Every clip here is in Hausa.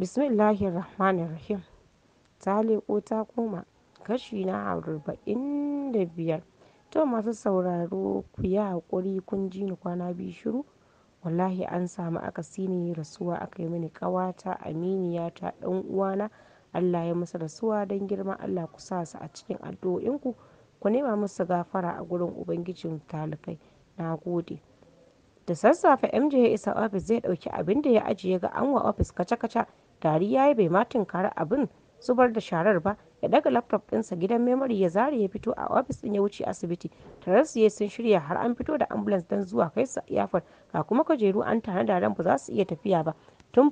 Bismillahir Rahmanir Rahim. Ta leko ta koma kashi na arba'in da biyar. To masu sauraro ku yi haƙuri kun ji ni kwana biyu shiru. Wallahi an samu akasi ne rasuwa aka yi mini ƙawata aminiyata ɗan uwana Allah ya masa rasuwa don girma Allah ku sa su a cikin addu'o'inku ku nema musu gafara a gurin Ubangijin talikai. Na gode. Da sassafe MJ ya isa ofis zai ɗauki abinda ya ajiye ga anwa ofis kaca-kaca Tari ya yi bai ma tunkari abin zubar da sharar ba, ya daga laftof ɗinsa gidan memory ya zare ya fito a ofis ɗin ya wuce asibiti. tare su sun shirya har an fito da ambulance don zuwa kai su iyafar ga kuma kujeru an da ran ba za su iya tafiya ba. Tun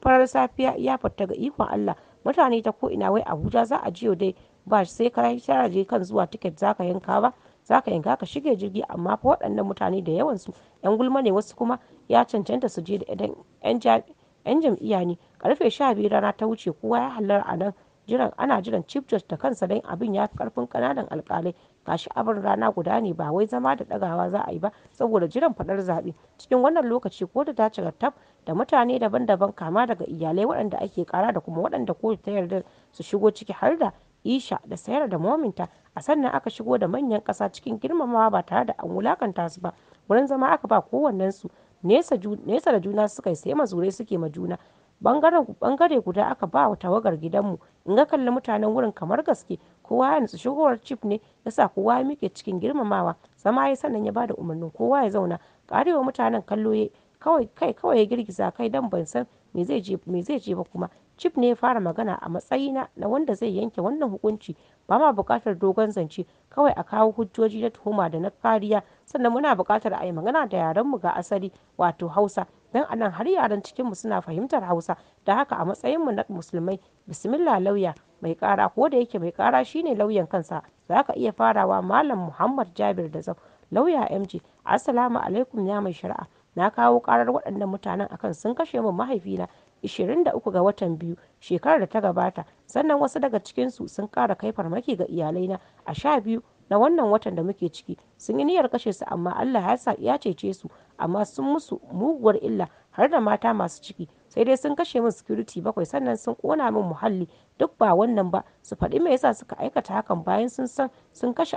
farar safiya iyafar ta ga ikon Allah mutane ta ko ina wai Abuja za a jiyo dai ba sai ka yi sharaje kan zuwa ticket za ka yanka ba. za ka yanka ka shige jirgi amma fa waɗannan mutane da yawan su 'yan gulma ne wasu kuma ya cancanta su je da 'yan 'yan jam'iyya ne karfe 12 rana ta wuce kowa ya hallara a nan jiran ana jiran chief judge da kansa don abin ya fi karfin kananan alkalai gashi abin rana guda ne ba wai zama da dagawa za a yi ba saboda jiran fadar zaɓe cikin wannan lokaci da ta cika tab da mutane daban-daban kama daga iyalai waɗanda ake kara da kuma waɗanda ko ta yarda su shigo ciki har da isha da sayar da mominta a sannan aka shigo da manyan ƙasa cikin girmamawa ba tare da an wulakanta su ba wurin zama aka ba kowannensu nesa da juna suka yi sai mazurai suke ma juna bangare guda aka ba wa tawagar gidanmu in ga kalli mutanen wurin kamar gaske kowa ya nutsu shigowar cif ne ya sa kowa ya mike cikin girmamawa zama ya sannan ya bada umarnin kowa ya zauna karewa mutanen kallo kawai kai kawai ya girgiza kai dan ban san me zai je me zai je ba kuma Chief ne ya fara magana a matsayina na wanda zai yanke wannan hukunci ba ma buƙatar dogon zance kawai a kawo hujjoji na tuhuma da na kariya sannan muna buƙatar a yi magana da yarenmu ga asali wato Hausa don a nan har yaran cikinmu suna fahimtar Hausa da haka a matsayinmu na musulmai bismillah lauya mai kara ko da yake mai kara shine lauyan kansa zaka iya farawa malam Muhammad Jabir da zau lauya MJ assalamu alaikum ya mai shari'a Na kawo karar waɗannan mutanen akan sun kashe min mahaifina 23 ga watan Biyu, shekarar da ta gabata, sannan wasu daga cikinsu sun ƙara kai farmaki ga na a sha biyu na wannan watan da muke ciki, sun yi niyyar kashe su amma Allah ya sa ya cece su, amma sun musu muguwar illa har da mata masu ciki, sai dai sun kashe min sikiriti bakwai sannan sun kona min muhalli duk ba wannan ba su faɗi me yasa suka aikata hakan bayan sun san sun kashe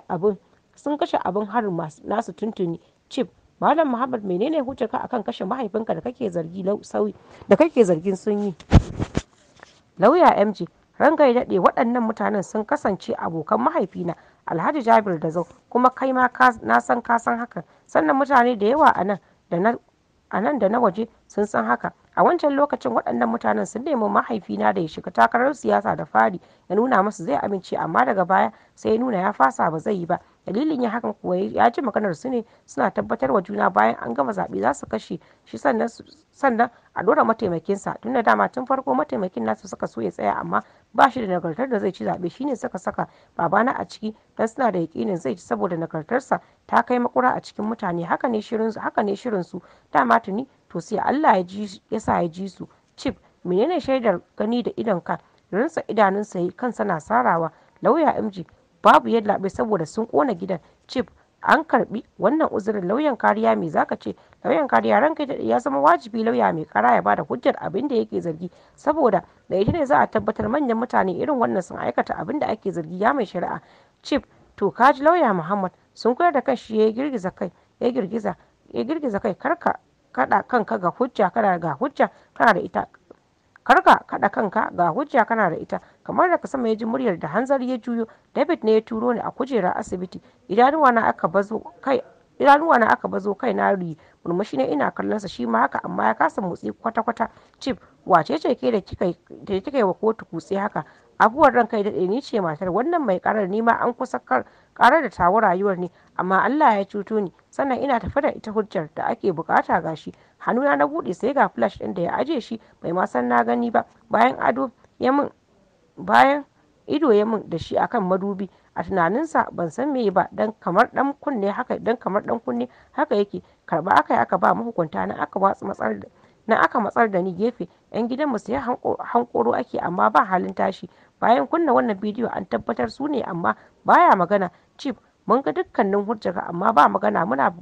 abin harin nasu tuntuni, chip Malam Muhammad menene ka akan kashe mahaifinka da kake zargi sauyi da kake zargin sun yi? Lauya MJ ranga ya daɗe waɗannan mutanen sun kasance abokan mahaifina Alhaji Jabir da Zau kuma kai ma na san ka san haka sannan mutane da yawa a nan da na a nan da na waje sun san haka a wancan lokacin waɗannan mutanen sun nemi mahaifina da ya shiga takarar siyasa da fari ya nuna masu zai amince amma daga baya sai nuna ya fasa ba zai yi ba dalilin yin hakan kuwa ya ji maganar su ne suna tabbatar wa juna bayan an gama zaɓe za su kashe shi sannan a dora mataimakinsa tun da dama tun farko mataimakin nasu suka so ya tsaya amma ba shi da nagartar da zai ci zaɓe shine suka saka babana a ciki don suna da yakinin zai ci saboda nagartarsa ta kai makura a cikin mutane haka ne shirin su haka ne shirin su dama tuni to sai Allah ya ji ya sa ya ji su chip menene shaidar gani da idon ka rinsa idanunsa yi kansa na sarawa lauya mg babu yallaɓe saboda sun kona gidan chief an karbi wannan uzurin lauyan kariya mai zaka ce lauyan kariya ranka da ya zama wajibi lauya mai kara ya bada hujjar abin da yake zargi saboda da ita ne za a tabbatar manyan mutane irin wannan sun aikata abin da ake zargi ya mai shari'a chief to kaji lauya muhammad sun koyar da kan shi ya girgiza kai ya girgiza ya girgiza kai karka kada kanka ga hujja kada ga hujja kana da ita kar ka kaɗa kanka ga hujja kana da ita kamar da sama ya ji muryar da hanzari ya juyo david ne ya turo ni a kujerar asibiti idanuwa na aka bazo kai na aka murmushi ne ina kallon sa shi ma haka amma ya kasa motsi kwata kwata chief wace ce ke da kika da kika yi wa kotu kutse haka abuwar ranka ya daɗe ni ce matar wannan mai karar ni ma an kusa karar da tawo rayuwar ne amma Allah ya cuto ni sannan ina tafi da ita hujjar da ake bukata gashi hannuna na buɗe sai ga flash ɗin da ya aje shi bai ma san na gani ba bayan ado ya min bayan ido ya min da shi akan madubi a tunaninsa ban san me ba dan kamar dan kunne haka dan kamar dan kunne haka yake karba aka aka ba mahukunta na aka watsa matsar na aka matsar da ni gefe yan gidan gidanmu sai hankoro ake amma ba halin tashi bayan kunna wannan bidiyo an tabbatar su ne amma baya magana chief mun ga dukkanin hujjarka amma ba magana muna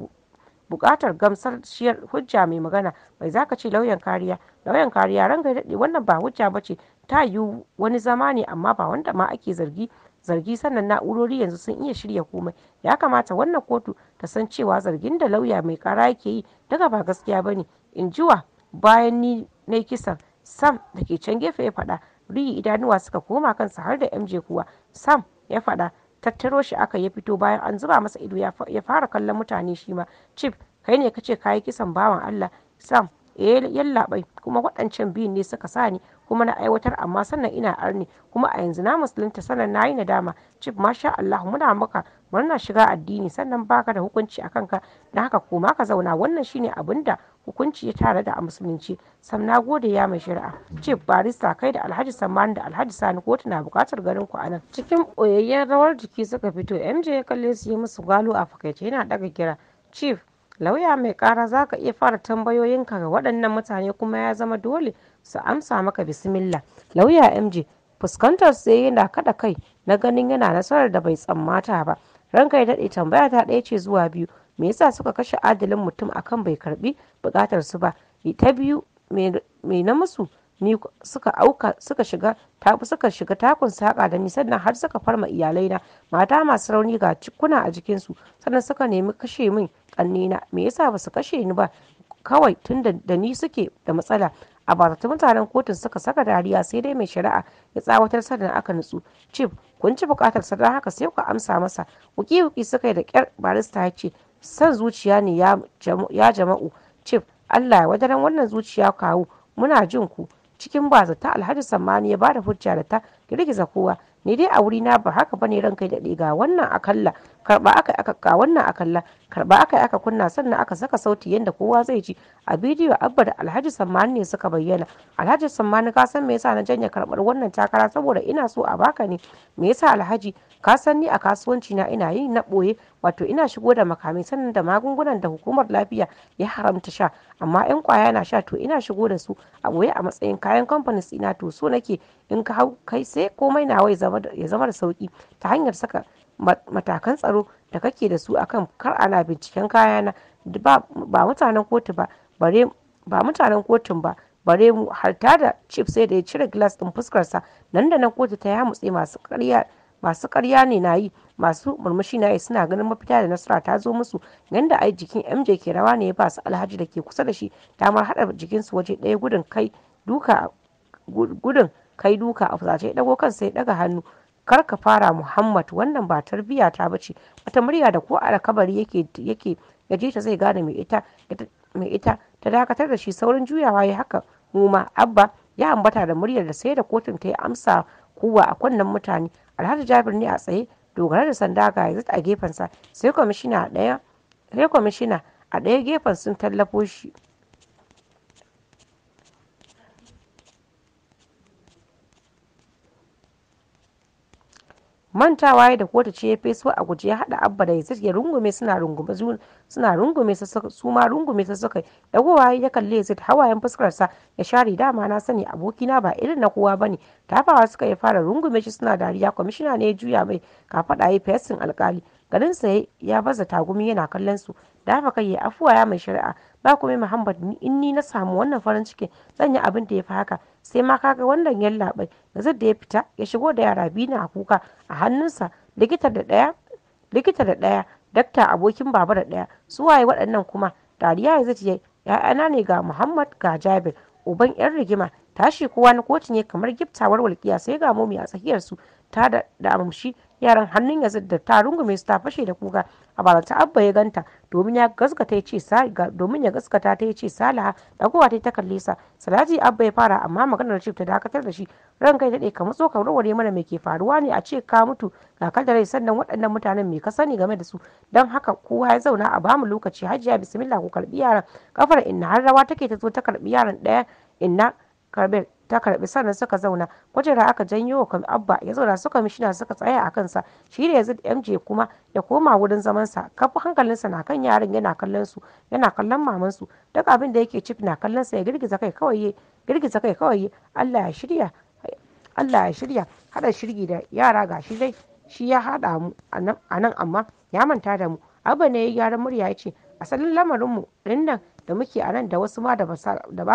bukatar gamsar shiyar hujja mai magana mai zaka ce lauyan kariya lauyan kariya ranga daɗe wannan ba hujja ba ce ta yiwu wani zama ne amma ba wanda ma ake zargi zargi sannan na'urori yanzu sun iya shirya komai ya kamata wannan kotu ta san cewa zargin da lauya mai kara yake yi daga ba gaskiya bane ne in jiwa bayan ni na kisan sam da ke can gefe ya faɗa riyi idanuwa suka koma kansa har da mj kuwa sam ya faɗa tattaro shi aka ya fito bayan an zuba masa ido ya fara kallon mutane shi ma chip kai ne kace kayi kisan bawan allah sam eh yallaɓai kuma waɗancan biyun ne suka sani kuma na aiwatar amma sannan ina arni kuma a yanzu na musulunta sannan na yi nadama chip masha Allah muna maka murna shiga addini sannan baka da hukunci a kanka da haka koma ka zauna wannan shine abun da hukunci ya tare da a musulunci sam na gode ya mai shari'a chief barista kai da alhaji samani da alhaji sani kotu na bukatar garin ku anan cikin oyayyen rawar jiki suka fito mj ya kalle su yi musu galo a fakaice yana daga kira chief lauya mai kara za ka iya fara tambayoyinka ga waɗannan mutane kuma ya zama dole su amsa maka bismillah lauya mj fuskantar sai yana kaɗa kai na ganin yana nasarar da bai tsammata ba ranka ya daɗe tambaya ta ɗaya ce zuwa biyu me yasa suka kashe adalin mutum akan bai karbi bukatar su ba ta biyu me na musu ni suka auka suka shiga suka shiga takun saka da ni sannan har suka farma iyalai na mata masu rauni ga cikuna a jikinsu sannan suka nemi kashe min kannena me yasa ba su kashe ni ba kawai tun da ni suke da matsala a ta mutanen kotun suka saka dariya sai dai mai shari'a ya tsawatar sannan aka nutsu chief kun ci bukatar sa don haka sai ku amsa masa wuki wuki suka yi da kyar barista ya ce san zuciya ne ya jama'u cif allah ya wadaran wannan zuciya kawu muna jin ku cikin ba ta alhaji sammani ya ba da hujja da ta girgiza kowa ni dai a wurina ba haka bane ran kai daɗe ga wannan akalla karba aka aka ga wannan akalla karba aka aka kunna sannan aka saka sauti yanda kowa zai ji a bidiyo abba da alhaji sammani ne suka bayyana alhaji sammani ka san me yasa na janya karbar wannan takara saboda ina so a baka ne me yasa alhaji ka san ni a kasuwanci na ina yi na ɓoye wato ina shigo da makami sannan da magungunan da hukumar lafiya ya haramta sha amma yan kwaya na sha to ina shigo da su a boye a matsayin kayan kamfanin ina to so nake in ka hau kai sai komai na wai ya zama da sauki ta hanyar saka matakan tsaro da kake da su akan kar ana binciken kayana ba mutanen kotu ba bare ba mutanen kotun ba bare mu harta da chip sai da ya cire glass din fuskarsa nan da nan kotu ta mutse masu karya masu karya ne na yi masu murmushi na yi suna ganin mafita da nasara ta zo musu yanda ai jikin mj ke rawa ne ya ba su alhaji da ke kusa da shi damar haɗa jikinsu waje ɗaya gudun kai duka gudun kai duka a fusace ya dago kansa ya daga hannu kar ka fara muhammad wannan ba tarbiya ta bace wata murya da ko alkabari yake yake ya ta zai gane mai ita mai ita ta dakatar da shi saurin juyawa ya haka mu ma abba ya ambata da muryar da sai da kotun ta yi amsa kuwa a kunnen mutane alhaji jabir ne a tsaye dogara da sanda ga yanzu a gefensa sai kwamishina a ɗaya a ɗaya gefen sun tallafo shi mantawa da kotu ce ya a guje ya haɗa abba da yasir ya rungume suna rungume suna rungume su ma rungume su suka dagowa ya kalli yazid hawayen fuskarsa ya share dama na sani abokina ba irin na kowa ba ne tafawa suka ya fara rungume shi suna dariya kwamishina ne ya juya mai kafaɗa ya fesin alkali garin sa ya baza tagumi yana kallon su dafa kai ya afuwa ya mai shari'a ba kuma Muhammad ni in ni na samu wannan farin cikin zan yi abin da ya fi haka sai ma kaga wannan yallaɓai da da ya fita ya shigo da yara biyu a kuka a hannunsa likita da ɗaya likita da ɗaya dakta abokin baba da ɗaya su waye waɗannan kuma dariya ya zaci ya'yana ne ga Muhammad ga Jabir uban yan rigima tashi kowa na kotun ne kamar giftawar walƙiya sai ga momi a tsakiyarsu ta da amshi yaran hannun yazid da ta rungume su ta fashe da kuka a ta abba ya ganta domin ya gaskata ya ce domin ya gaskata ta ce salaha dagowa ta ta kalle sa salaji abba ya fara amma maganar chief ta dakatar da shi ran kai dade ka matso ka warware mana me ke faruwa ne a ce ka mutu kakar da rai sannan waɗannan mutanen me ka sani game da su don haka kowa ya zauna a bamu lokaci hajiya bismillah ku karbi yaran kafar inna har rawa take ta zo ta karbi yaran daya inna karbi ta karbi sannan suka zauna kujera aka janyo wa abba ya zauna suka kwamishina suka tsaya a kansa shi da yanzu mj kuma ya koma wurin sa kafi hankalinsa na kan yaran yana kallon su yana kallon mamansu duk abin da yake cif na kallon sa ya girgiza kai kawai girgiza kai kawai Allah ya shirya Allah ya shirya hada shirgi da yara gashi dai shi ya hada mu a nan amma ya manta da mu abba ne ya gyara murya ya ce asalin lamarinmu mu nan da muke a nan da wasu ma da ba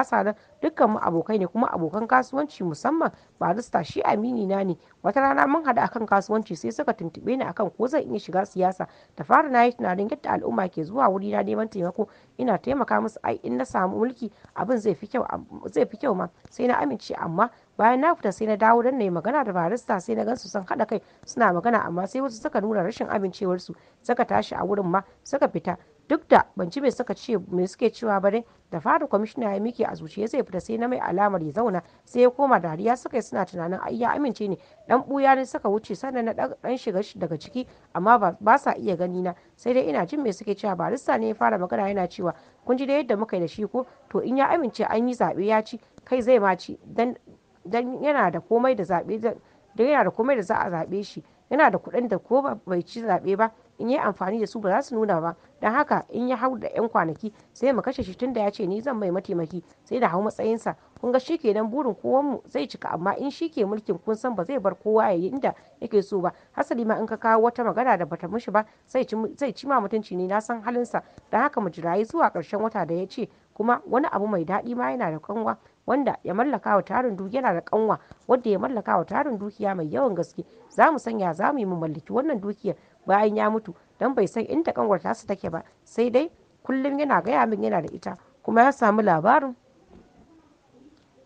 sa nan dukkan mu abokai ne kuma abokan kasuwanci musamman barista shi amini na ne wata rana mun hada akan kasuwanci sai suka tuntube ni akan ko zan iya shiga siyasa da fara na yi tunanin yadda al'umma ke zuwa wuri na neman taimako ina taimaka musu ai in na samu mulki abin zai fi kyau zai fi kyau ma sai na amince amma bayan na fita sai na dawo dan nayi magana da barista sai na gan su san haɗa kai suna magana amma sai wasu suka nuna rashin amincewarsu suka tashi a wurin ma suka fita duk da ban ci me suka ce suke cewa ba dai da fara kwamishina ya miki a zuciya zai fita sai na mai alamar ya zauna sai ya koma dariya suka yi suna tunanin ai ya amince ne dan buya ne suka wuce sannan na dan shiga daga ciki amma ba sa iya gani na sai dai ina jin me suke cewa barista ne ya fara magana yana cewa kun ji da yadda muka yi da shi ko to in ya amince an yi zabe ya ci kai zai ma ci dan dan yana da komai da zabe dan yana da komai da za a zabe shi yana da kuɗin da ko bai ci zaɓe ba in yi amfani da su ba za su nuna ba don haka in ya hau da yan kwanaki sai mu kashe shi tun da ya ce ni zan mai mataimaki sai da hau matsayinsa kun ga shi kenan burin kowanmu zai cika amma in shi ke mulkin kun san ba zai bar kowa ya yi inda yake so ba hasali ma in ka kawo wata magana da bata mishi ba zai ci ma mutunci ne na san halinsa don haka mu jirayi zuwa karshen wata da ya ce kuma wani abu mai daɗi ma yana da kanwa wanda ya mallaka wa tarin dukiya yana da kanwa wanda ya mallaka wa tarin dukiya mai yawan gaske za mu sanya za mu yi mu mallaki wannan dukiyar bayan ya mutu don bai san inda kanwar tasa take ba sai dai kullum yana gaya min yana da ita kuma ya samu labarin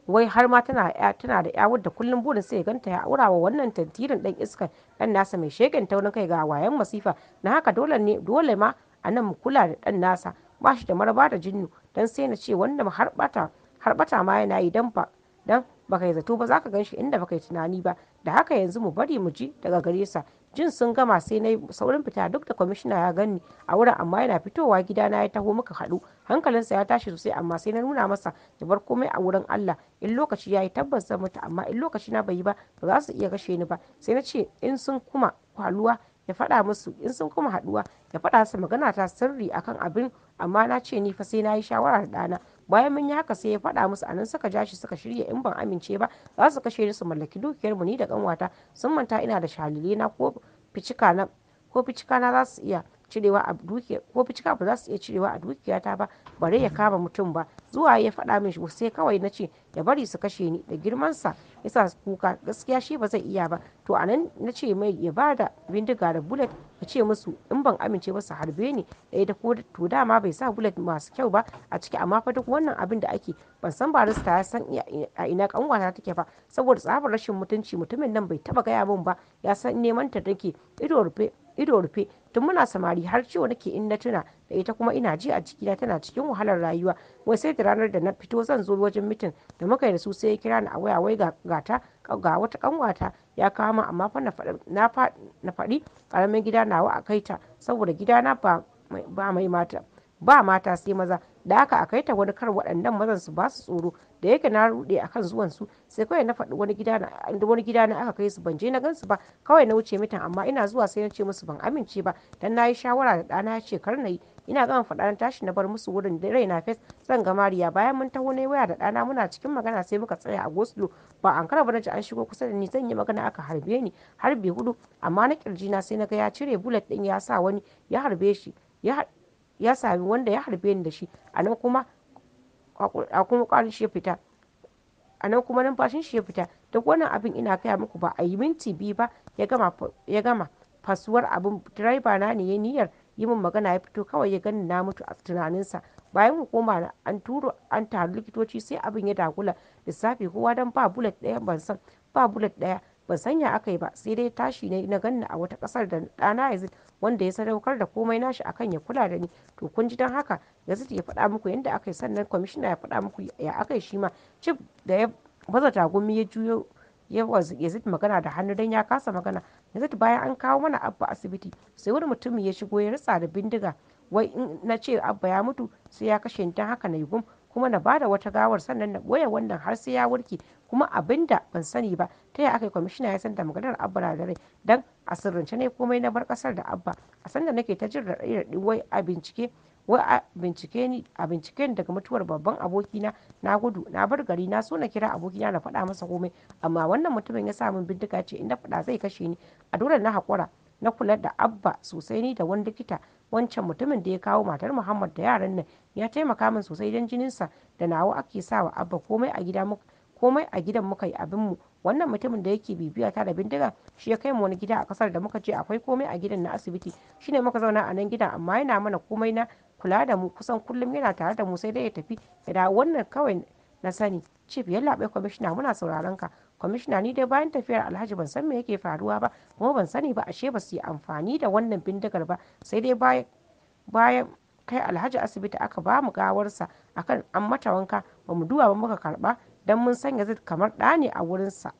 wai har ma tana tana da ya wadda kullum burin sai ya ganta ya aura wa wannan tantirin dan iska dan nasa mai shegen taurin kai ga wayan masifa na haka dole ne dole ma a nan mu kula da dan nasa ba shi da maraba da jinnu dan sai na ce wanda harbata harbata ma yana yi dan ba dan baka yi zato ba zaka ganshi inda baka yi tunani ba da haka yanzu mu bari mu ji daga gare sa jin sun gama sai na yi saurin fita duk da kwamishina ya ganni a wurin amma yana fitowa gidana ya taho muka haɗu hankalinsa ya tashi sosai amma sai na nuna masa ya bar komai a wurin Allah in lokaci ya yi tabbas zan mutu amma in lokaci na bai yi ba ba za su iya kashe ni ba sai na ce in sun kuma kwaluwa ya faɗa musu in sun kuma haɗuwa ya faɗa su magana ta sirri akan abin amma na ce ni fa sai na yi shawara da ɗana bayan mun yi haka sai ya faɗa musu anan suka ja shi suka shirya in ban amince ba za su kashe ni su mallaki dukiyar mu ni da kanwata sun manta ina da shalile na ko ficika na ko ficika na za su iya cirewa a dukiya ko fuska ba za su iya cirewa a dukiyata ba bare ya kama mutum ba zuwa ya faɗa min sai kawai na ce ya bari su kashe ni da girmansa ya sa kuka gaskiya shi ba zai iya ba to a nan na ce mai ya ba da bindiga da bullet ya ce musu in ban amince ba su harbe ni eh, da ko to dama bai sa bullet masu kyau ba a ciki amma fa duk wannan abin da ake ban san barista ya san a ina kanwata take ba saboda tsabar rashin mutunci mutumin nan bai taba gaya min ba ya san neman ta take ido rufe ido rufe tun muna samari har ciwo nake in na tuna da ita kuma ina ji a jikina tana cikin wahalar rayuwa wai sai da ranar da na fito zan zo wajen mitin da muka yi da su sai ya kira ni a waya wai gata ga wata kanwata ya kawo mu amma fa na faɗi karamin gida nawa a kaita saboda gidana ba mai mata ba mata sai maza da haka a kai ta wani kar waɗannan mazan su ba su tsoro da yake na rude akan zuwan su sai kawai na faɗi wani gida na wani gida na aka kai su ban je na gansu ba kawai na wuce mitan amma ina zuwa sai na ce musu ban amince ba dan yi shawara da ɗana ya ce kar na yi ina gama faɗa na tashi na bar musu wurin da na fes zan ga mariya bayan mun taho na waya da ɗana muna cikin magana sai muka tsaya a goslo ba an kara bana ji an shigo kusa da ni zan yi magana aka harbe ni harbe hudu amma na kirji na sai na ga ya cire bullet din ya sa wani ya harbe shi ya sami wanda ya harbe ni da shi a nan kuma a kuma kwarin shi ya fita a nan kuma numfashin shi ya fita duk wannan abin ina kaya muku ba a yi minti biyu ba ya gama fasuwar abin direba na ne ya niyyar yi min magana ya fito kawai ya gani na mutu a tunaninsa bayan hukuma an turo an taru likitoci sai abin ya dagula lissafi kowa don ba bullet ɗaya ban san ba bullet ɗaya ban sanya ya aka yi ba sai dai tashi ne na ganna a wata kasar da ɗana Yazid wanda ya sadaukar da komai nashi akan ya kula da ni to kun ji don haka Yazid ya faɗa muku yadda aka yi sannan kwamishina ya faɗa muku ya aka yi shi ma cif da ya baza tagumi ya juyo ya magana da hannu don ya kasa magana Yazid bayan an kawo mana abba asibiti sai wani mutumin ya shigo ya ritsa da bindiga wai na ce abba ya mutu sai ya kashe ni don haka na yi gum kuma na bada wata gawar sannan na ɓoye wannan har sai ya warke kuma abinda ban sani ba ta yaya aka kwamishina ya san maganar abba na da rai dan a sirrance ne komai na bar kasar da abba a sanda nake ta jin raɗaɗi wai a bincike wai a bincike ni a binciken daga mutuwar babban abokina na gudu na bar gari na so na kira abokina na faɗa masa komai amma wannan mutumin ya sa min bindiga ce na faɗa zai kashe ni a dole na haƙura na kula da abba sosai ni da wani likita wancan mutumin da ya kawo matar muhammad da yaran nan ya taimaka min sosai don jininsa da nawa ake sawa abba komai a gida komai a gidan muka yi abin mu wannan mutumin da yake bibiya ta da bindiga shi ya kai mu wani gida a kasar da muka je akwai komai a gidan na asibiti shine muka zauna a nan gidan amma yana mana komai na kula da mu kusan kullum yana tare da mu sai dai ya tafi ya dawo wannan kawai na sani chief ya kwamishina muna sauraron ka kwamishina ni dai bayan tafiyar alhaji ban san me yake faruwa ba kuma ban sani ba ashe ba su yi amfani da wannan bindigar ba sai dai bayan kai alhaji asibiti aka ba mu gawarsa akan an mata wanka ba mu duwa ba muka karba don mun sanya zai kamar ɗane a wurinsa